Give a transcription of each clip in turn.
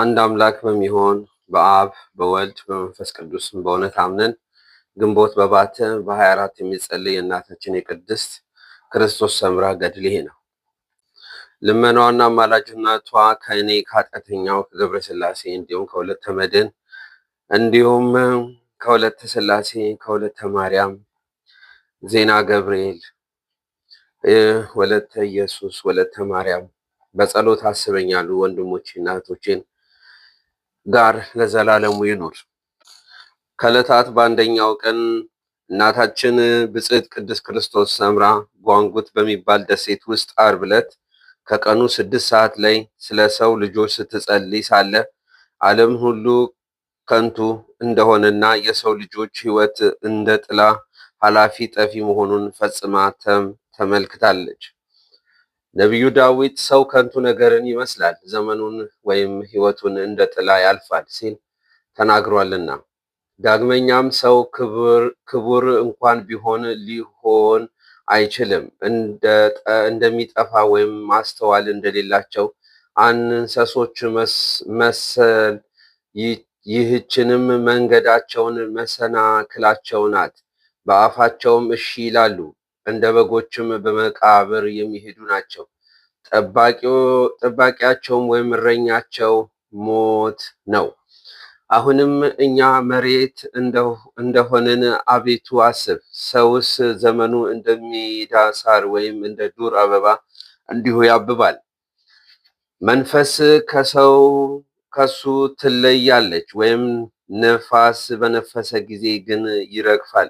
አንድ አምላክ በሚሆን በአብ በወልድ በመንፈስ ቅዱስም በእውነት አምነን ግንቦት በባተ በ24 የሚጸልይ የእናታችን የቅድስት ክርስቶስ ሰምራ ገድል ይሄ ነው። ልመናዋና አማላጅነቷ ከእኔ ከኃጢአተኛው ከገብረ ስላሴ እንዲሁም ከሁለተ መድን እንዲሁም ከሁለተ ስላሴ ከሁለተ ማርያም ዜና ገብርኤል ወለተ ኢየሱስ ወለተ ማርያም በጸሎት አስበኛሉ ወንድሞቼ እናቶቼን ጋር ለዘላለሙ ይኑር። ከዕለታት በአንደኛው ቀን እናታችን ብጽዕት ቅድስት ክርስቶስ ሰምራ ጓንጉት በሚባል ደሴት ውስጥ ዓርብ ዕለት ከቀኑ ስድስት ሰዓት ላይ ስለ ሰው ልጆች ስትጸልይ ሳለ ዓለም ሁሉ ከንቱ እንደሆነና የሰው ልጆች ሕይወት እንደ ጥላ ኃላፊ ጠፊ መሆኑን ፈጽማ ተመልክታለች። ነቢዩ ዳዊት ሰው ከንቱ ነገርን ይመስላል፣ ዘመኑን ወይም ሕይወቱን እንደ ጥላ ያልፋል ሲል ተናግሯልና። ዳግመኛም ሰው ክቡር እንኳን ቢሆን ሊሆን አይችልም፣ እንደሚጠፋ ወይም ማስተዋል እንደሌላቸው እንስሶች መሰል። ይህችንም መንገዳቸውን መሰናክላቸው ናት፣ በአፋቸውም እሺ ይላሉ እንደ በጎችም በመቃብር የሚሄዱ ናቸው። ጠባቂያቸውም ወይም እረኛቸው ሞት ነው። አሁንም እኛ መሬት እንደሆንን አቤቱ አስብ። ሰውስ ዘመኑ እንደሚዳ ሳር ወይም እንደ ዱር አበባ እንዲሁ ያብባል። መንፈስ ከሰው ከሱ ትለያለች፣ ወይም ነፋስ በነፈሰ ጊዜ ግን ይረግፋል።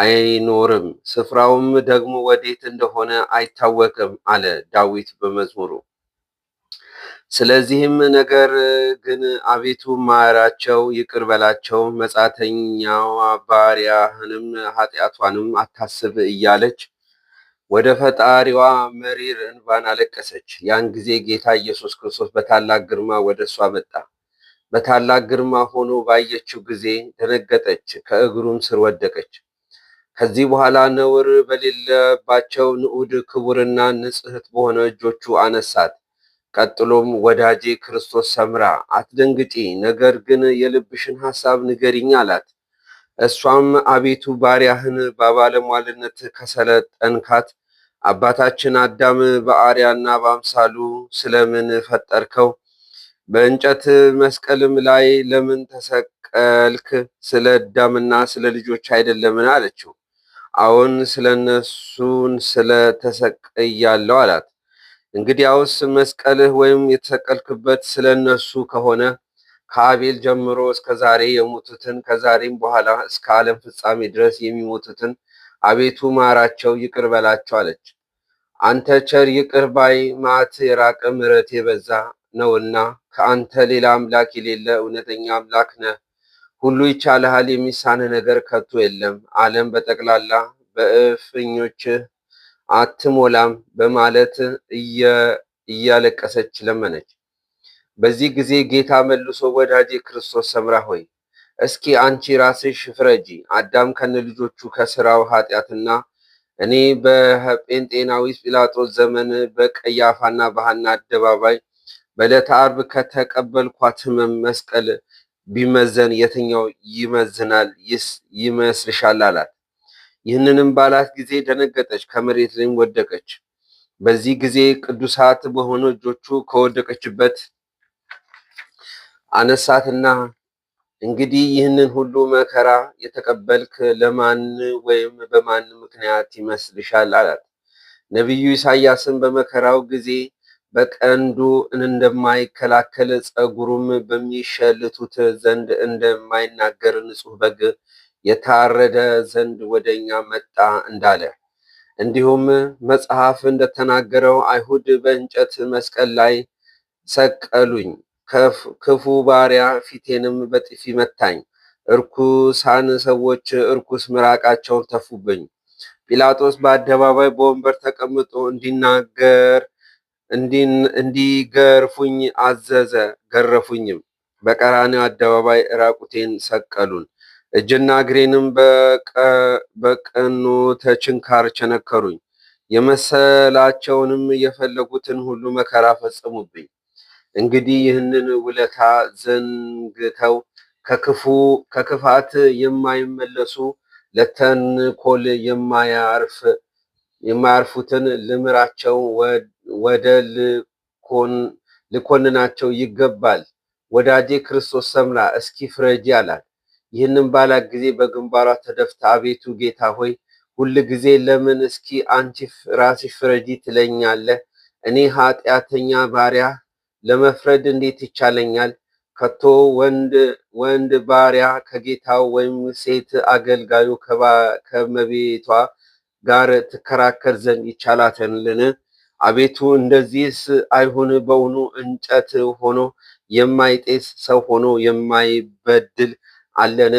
አይኖርም፣ ስፍራውም ደግሞ ወዴት እንደሆነ አይታወቅም አለ ዳዊት በመዝሙሩ። ስለዚህም ነገር ግን አቤቱ ማራቸው፣ ይቅር በላቸው፣ መጻተኛዋ ባሪያህንም ኃጢአቷንም አታስብ እያለች ወደ ፈጣሪዋ መሪር እንባን አለቀሰች። ያን ጊዜ ጌታ ኢየሱስ ክርስቶስ በታላቅ ግርማ ወደ እሷ መጣ። በታላቅ ግርማ ሆኖ ባየችው ጊዜ ደነገጠች፣ ከእግሩም ስር ወደቀች። ከዚህ በኋላ ነውር በሌለባቸው ንዑድ ክቡርና ንጽሕት በሆነ እጆቹ አነሳት። ቀጥሎም ወዳጄ ክርስቶስ ሰምራ አትደንግጪ፣ ነገር ግን የልብሽን ሐሳብ ንገሪኝ አላት። እሷም አቤቱ ባሪያህን በባለሟልነት ከሰለጠንካት አባታችን አዳም በአርያና በአምሳሉ ስለምን ፈጠርከው? በእንጨት መስቀልም ላይ ለምን ተሰቀልክ? ስለ አዳምና ስለ ልጆች አይደለምን? አለችው። አሁን ስለ እነሱን ስለ ተሰቀያለሁ አላት። እንግዲያውስ መስቀልህ ወይም የተሰቀልክበት ስለ እነሱ ከሆነ ከአቤል ጀምሮ እስከ ዛሬ የሞቱትን ከዛሬም በኋላ እስከ ዓለም ፍጻሜ ድረስ የሚሞቱትን አቤቱ ማራቸው፣ ይቅር በላቸው አለች። አንተ ቸር ይቅር ባይ ማት የራቀ ምሕረት የበዛ ነውና ከአንተ ሌላ አምላክ የሌለ እውነተኛ አምላክ ነህ ሁሉ ይቻልሃል የሚሳንህ ነገር ከቶ የለም፣ ዓለም በጠቅላላ በእፍኞችህ አትሞላም በማለት እያለቀሰች ለመነች። በዚህ ጊዜ ጌታ መልሶ ወዳጄ ክርስቶስ ሰምራ ሆይ እስኪ አንቺ ራስሽ ፍረጂ። አዳም ከነ ልጆቹ ከስራው ኃጢአትና እኔ በጴንጤናዊ ጲላጦስ ዘመን በቀያፋና በሐና አደባባይ በዕለተ ዓርብ ከተቀበልኳት ሕመም መስቀል ቢመዘን የትኛው ይመዝናል ይመስልሻል? አላት። ይህንንም ባላት ጊዜ ደነገጠች፣ ከመሬት ላይም ወደቀች። በዚህ ጊዜ ቅዱሳት በሆኑ እጆቹ ከወደቀችበት አነሳትና እንግዲህ ይህንን ሁሉ መከራ የተቀበልክ ለማን ወይም በማን ምክንያት ይመስልሻል? አላት። ነቢዩ ኢሳያስን በመከራው ጊዜ በቀንዱ እንደማይከላከል ጸጉሩም በሚሸልቱት ዘንድ እንደማይናገር ንጹሕ በግ የታረደ ዘንድ ወደኛ መጣ እንዳለ እንዲሁም መጽሐፍ እንደተናገረው አይሁድ በእንጨት መስቀል ላይ ሰቀሉኝ፣ ክፉ ባሪያ ፊቴንም በጥፊ መታኝ፣ እርኩሳን ሰዎች እርኩስ ምራቃቸውን ተፉብኝ። ጲላጦስ በአደባባይ በወንበር ተቀምጦ እንዲናገር እንዲገርፉኝ አዘዘ። ገረፉኝም፣ በቀራንዮ አደባባይ ራቁቴን ሰቀሉን። እጅና እግሬንም በቀኖተ ተችንካር ቸነከሩኝ። የመሰላቸውንም የፈለጉትን ሁሉ መከራ ፈጸሙብኝ። እንግዲህ ይህንን ውለታ ዘንግተው ከክፋት የማይመለሱ ለተንኮል የማያርፉትን ልምራቸው ወደ ልኮንናቸው ይገባል። ወዳጄ ክርስቶስ ሰምራ እስኪ ፍረጂ አላት። ይህንም ባላት ጊዜ በግንባሯ ተደፍታ አቤቱ ጌታ ሆይ ሁል ጊዜ ለምን እስኪ አንቺ ራስሽ ፍረጂ ትለኛለህ? እኔ ኃጢአተኛ ባሪያ ለመፍረድ እንዴት ይቻለኛል? ከቶ ወንድ ባሪያ ከጌታው ወይም ሴት አገልጋዩ ከመቤቷ ጋር ትከራከር ዘንድ ይቻላትን? አቤቱ እንደዚህስ አይሁን። በውኑ እንጨት ሆኖ የማይጤስ ሰው ሆኖ የማይበድል አለን?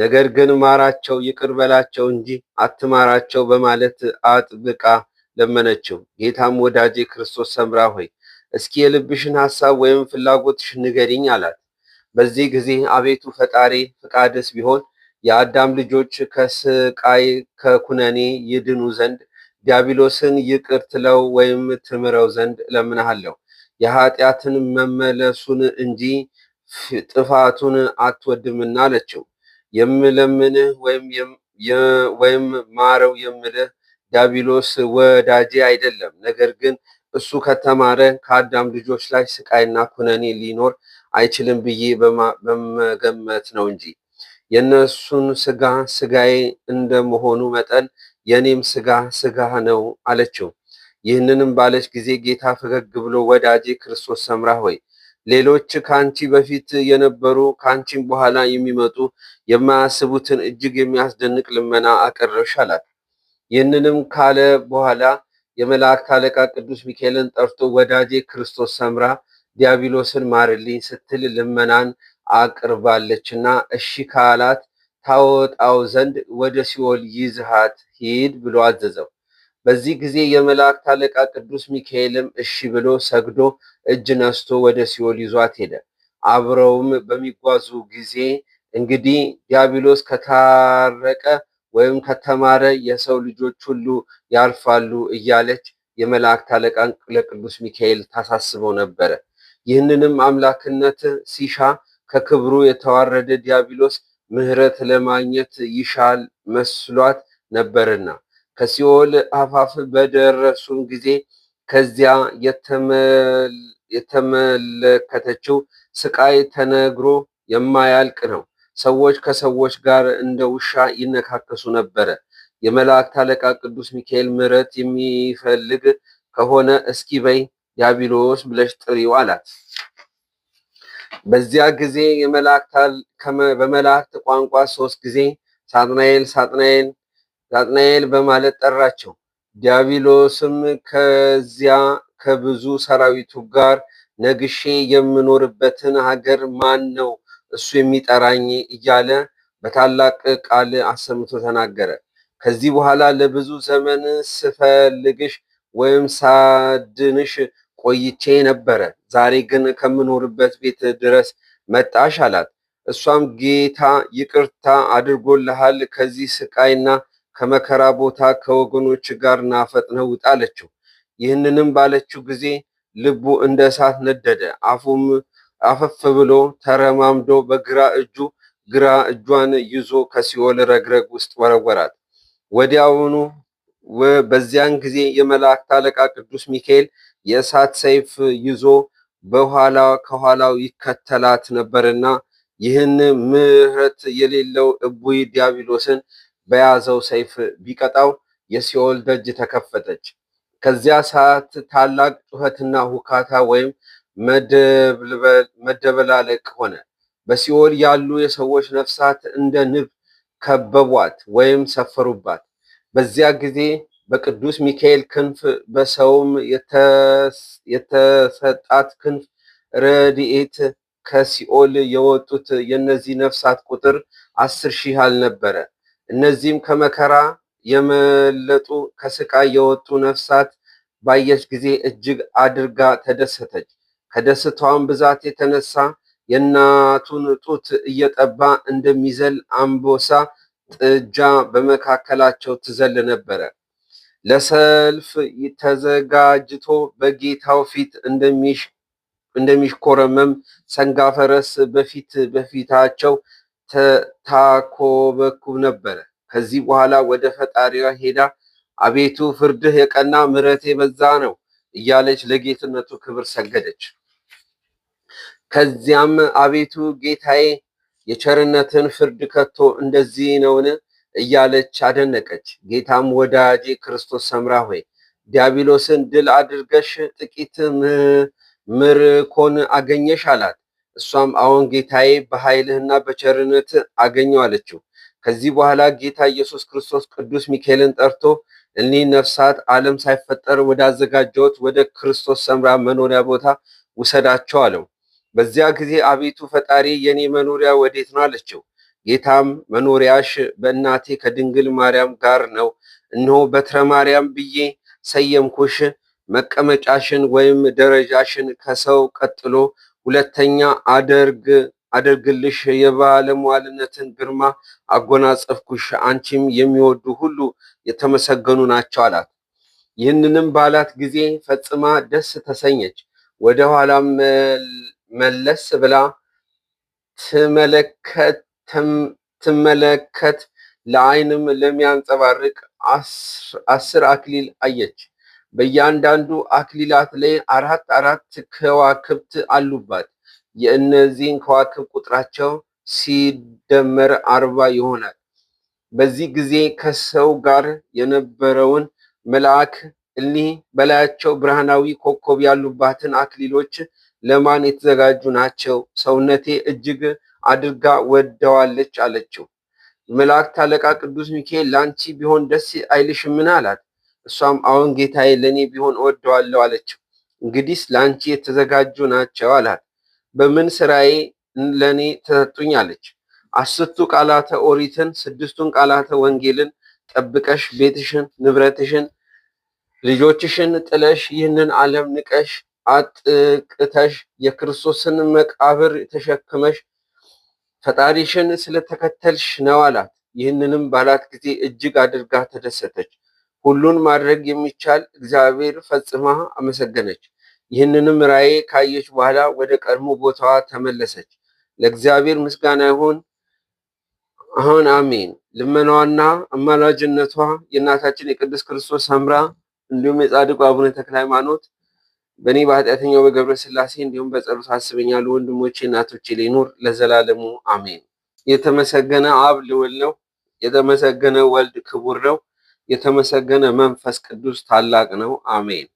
ነገር ግን ማራቸው፣ ይቅር በላቸው እንጂ አትማራቸው በማለት አጥብቃ ለመነችው። ጌታም ወዳጄ ክርስቶስ ሰምራ ሆይ እስኪ የልብሽን ሐሳብ ወይም ፍላጎትሽ ንገሪኝ አላት። በዚህ ጊዜ አቤቱ ፈጣሪ ፈቃድስ ቢሆን የአዳም ልጆች ከስቃይ ከኩነኔ ይድኑ ዘንድ ዲያብሎስን ይቅር ትለው ወይም ትምረው ዘንድ እለምንሃለሁ የኃጢአትን መመለሱን እንጂ ጥፋቱን አትወድምና አለችው። የምለምንህ ወይም ማረው የምልህ ዲያብሎስ ወዳጄ አይደለም፣ ነገር ግን እሱ ከተማረ ከአዳም ልጆች ላይ ስቃይና ኩነኔ ሊኖር አይችልም ብዬ በመገመት ነው እንጂ የእነሱን ስጋ ስጋዬ እንደመሆኑ መጠን የእኔም ስጋ ስጋ ነው አለችው። ይህንንም ባለች ጊዜ ጌታ ፈገግ ብሎ ወዳጄ ክርስቶስ ሰምራ ሆይ ሌሎች ከአንቺ በፊት የነበሩ ከአንቺም በኋላ የሚመጡ የማያስቡትን እጅግ የሚያስደንቅ ልመና አቀረብሽ አላት። ይህንንም ካለ በኋላ የመላእክት አለቃ ቅዱስ ሚካኤልን ጠርቶ ወዳጄ ክርስቶስ ሰምራ ዲያብሎስን ማርልኝ ስትል ልመናን አቅርባለችና እሺ ካላት ታወጣው ዘንድ ወደ ሲኦል ይዝሃት ሂድ ብሎ አዘዘው። በዚህ ጊዜ የመላእክት አለቃ ቅዱስ ሚካኤልም እሺ ብሎ ሰግዶ እጅ ነስቶ ወደ ሲኦል ይዟት ሄደ። አብረውም በሚጓዙ ጊዜ እንግዲህ ዲያብሎስ ከታረቀ ወይም ከተማረ የሰው ልጆች ሁሉ ያልፋሉ እያለች የመላእክት አለቃ ለቅዱስ ሚካኤል ታሳስበው ነበረ። ይህንንም አምላክነት ሲሻ ከክብሩ የተዋረደ ዲያብሎስ ምሕረት ለማግኘት ይሻል መስሏት ነበርና ከሲኦል አፋፍ በደረሱም ጊዜ ከዚያ የተመለከተችው ስቃይ ተነግሮ የማያልቅ ነው። ሰዎች ከሰዎች ጋር እንደ ውሻ ይነካከሱ ነበረ። የመላእክት አለቃ ቅዱስ ሚካኤል ምሕረት የሚፈልግ ከሆነ እስኪ በይ ዲያብሎስ ብለሽ ጥሪው አላት። በዚያ ጊዜ በመላእክት ቋንቋ ሶስት ጊዜ ሳጥናኤል ሳጥናኤል ሳጥናኤል በማለት ጠራቸው። ዲያብሎስም ከዚያ ከብዙ ሰራዊቱ ጋር ነግሼ የምኖርበትን ሀገር ማን ነው እሱ የሚጠራኝ እያለ በታላቅ ቃል አሰምቶ ተናገረ። ከዚህ በኋላ ለብዙ ዘመን ስፈልግሽ ወይም ሳድንሽ ቆይቼ ነበረ፣ ዛሬ ግን ከምኖርበት ቤት ድረስ መጣሽ አላት። እሷም ጌታ ይቅርታ አድርጎልሃል፣ ከዚህ ስቃይና ከመከራ ቦታ ከወገኖች ጋር ናፈጥነው ፈጥነህ ውጣ አለችው። ይህንንም ባለችው ጊዜ ልቡ እንደ እሳት ነደደ። አፉም አፈፍ ብሎ ተረማምዶ በግራ እጁ ግራ እጇን ይዞ ከሲኦል ረግረግ ውስጥ ወረወራት። ወዲያውኑ በዚያን ጊዜ የመላእክት አለቃ ቅዱስ ሚካኤል የእሳት ሰይፍ ይዞ በኋላ ከኋላው ይከተላት ነበርና ይህን ምሕረት የሌለው እቡይ ዲያብሎስን በያዘው ሰይፍ ቢቀጣው የሲኦል ደጅ ተከፈተች። ከዚያ ሰዓት ታላቅ ጩኸትና ሁካታ ወይም መደበላለቅ ሆነ። በሲኦል ያሉ የሰዎች ነፍሳት እንደ ንብ ከበቧት ወይም ሰፈሩባት። በዚያ ጊዜ በቅዱስ ሚካኤል ክንፍ በሰውም የተሰጣት ክንፍ ረድኤት ከሲኦል የወጡት የነዚህ ነፍሳት ቁጥር አስር ሺህ አልነበረ። እነዚህም ከመከራ የመለጡ ከስቃይ የወጡ ነፍሳት ባየች ጊዜ እጅግ አድርጋ ተደሰተች። ከደስታዋን ብዛት የተነሳ የእናቱን ጡት እየጠባ እንደሚዘል አንበሳ ጥጃ በመካከላቸው ትዘል ነበረ። ለሰልፍ ተዘጋጅቶ በጌታው ፊት እንደሚሽኮረመም ሰንጋፈረስ በፊት በፊታቸው ተታኮበኩ ነበረ። ከዚህ በኋላ ወደ ፈጣሪዋ ሄዳ አቤቱ ፍርድህ የቀና ምሕረት የበዛ ነው እያለች ለጌትነቱ ክብር ሰገደች። ከዚያም አቤቱ ጌታዬ የቸርነትን ፍርድ ከቶ እንደዚህ ነውን እያለች አደነቀች። ጌታም ወዳጄ ክርስቶስ ሰምራ ሆይ ዲያብሎስን ድል አድርገሽ ጥቂት ምርኮን አገኘሽ አላት። እሷም አዎን ጌታዬ፣ በኃይልህና በቸርነት አገኘው አለችው። ከዚህ በኋላ ጌታ ኢየሱስ ክርስቶስ ቅዱስ ሚካኤልን ጠርቶ እኒህ ነፍሳት ዓለም ሳይፈጠር ወዳዘጋጀውት ወደ ክርስቶስ ሰምራ መኖሪያ ቦታ ውሰዳቸው አለው። በዚያ ጊዜ አቤቱ ፈጣሪ የኔ መኖሪያ ወዴት ነው አለችው። ጌታም መኖሪያሽ በእናቴ ከድንግል ማርያም ጋር ነው፣ እነሆ በትረ ማርያም ብዬ ሰየምኩሽ። መቀመጫሽን ወይም ደረጃሽን ከሰው ቀጥሎ ሁለተኛ አደርግ አደርግልሽ የባለሟልነትን ግርማ አጎናጸፍኩሽ፣ አንቺም የሚወዱ ሁሉ የተመሰገኑ ናቸው አላት። ይህንንም ባላት ጊዜ ፈጽማ ደስ ተሰኘች፣ ወደ ኋላም መለስ ብላ ትመለከት፣ ለዓይንም ለሚያንጸባርቅ አስር አክሊል አየች። በእያንዳንዱ አክሊላት ላይ አራት አራት ከዋክብት አሉባት። የእነዚህን ከዋክብ ቁጥራቸው ሲደመር አርባ ይሆናል። በዚህ ጊዜ ከሰው ጋር የነበረውን መልአክ እኒህ በላያቸው ብርሃናዊ ኮከብ ያሉባትን አክሊሎች ለማን የተዘጋጁ ናቸው? ሰውነቴ እጅግ አድርጋ ወደዋለች አለችው። የመላእክት አለቃ ቅዱስ ሚካኤል ላንቺ ቢሆን ደስ አይልሽምን? አላት። እሷም አሁን ጌታዬ፣ ለእኔ ቢሆን እወደዋለሁ አለችው። እንግዲህስ ላንቺ የተዘጋጁ ናቸው አላት። በምን ስራዬ ለእኔ ተሰጡኝ? አለች። አስርቱ ቃላተ ኦሪትን ስድስቱን ቃላተ ወንጌልን ጠብቀሽ ቤትሽን፣ ንብረትሽን፣ ልጆችሽን ጥለሽ ይህንን ዓለም ንቀሽ አጥቅተሽ የክርስቶስን መቃብር ተሸክመሽ ፈጣሪሽን ስለተከተልሽ ነው አላት። ይህንንም ባላት ጊዜ እጅግ አድርጋ ተደሰተች። ሁሉን ማድረግ የሚቻል እግዚአብሔር ፈጽማ አመሰገነች። ይህንንም ራእይ ካየች በኋላ ወደ ቀድሞ ቦታዋ ተመለሰች። ለእግዚአብሔር ምስጋና ይሁን፣ አሁን አሜን። ልመናዋና አማላጅነቷ የእናታችን የቅዱስ ክርስቶስ ሰምራ እንዲሁም የጻድቁ አቡነ ተክለ ሃይማኖት በእኔ በኃጢአተኛው በገብረ ስላሴ እንዲሁም በጸሎት አስበኛሉ ወንድሞቼ እናቶቼ ሊኖር ለዘላለሙ አሜን። የተመሰገነ አብ ልውል ነው። የተመሰገነ ወልድ ክቡር ነው። የተመሰገነ መንፈስ ቅዱስ ታላቅ ነው። አሜን።